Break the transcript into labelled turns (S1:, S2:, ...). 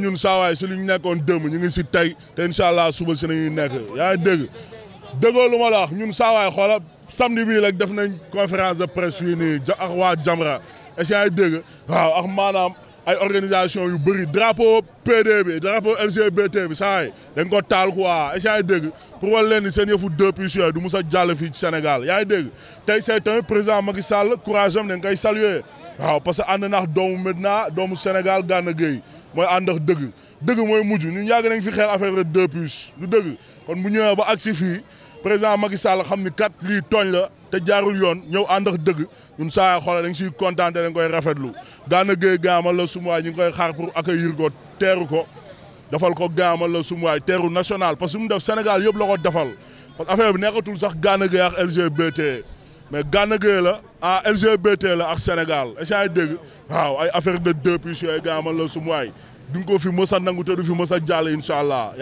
S1: ñun saawaay si lu ñu nekkoon démb ñu ngi si tey te incha allah suba si nañuy nekk yaa ngi dégg dëggoo lu ma la wax ñun saawaay xoola samedi bii rek def nañ conférence de presse fii nii ak waa Jamra est-ce que yaa waaw ak maanaam ay organisation yu bëri drapeau PD bi drapeau LGBT bi saa yi dañ ko taal quoi est-ce que yaa ngi dégg pour wal leen ni seen yëfu deux puces du mu sa jàll fi ci Sénégal yaa ngi dégg tey say tamit président Macky Sall courage am dañ waaw parce que ànd nax doomu Medina doomu Sénégal gànna mooy ànd ak dëgg dëgg mooy mujj ñun yàgg nañ fi xeer affaire de deux puces du dëgg kon bu ñëwee ba si fii président Macky Sall xam ni kat lii tooñ la te jaarul yoon ñëw ànd ak dëgg ñun saa xoola dañ siy kontaan dañ koy rafetlu daana géey gaama la sumuwaay ñu ngi koy xaar pour accueillir ko teeru ko dafal ko gaama la sumuwaay teeru national parce que mu def Sénégal yëpp la ko defal parce que affaire bi neexatul sax gaan géey ak LGBT mais Gana Gueye la LGBT la ak Sénégal essaye dég waaw ay affaire de deux yooyu gaa man waay du fi mës a nangu te fi mës a jàll incha allah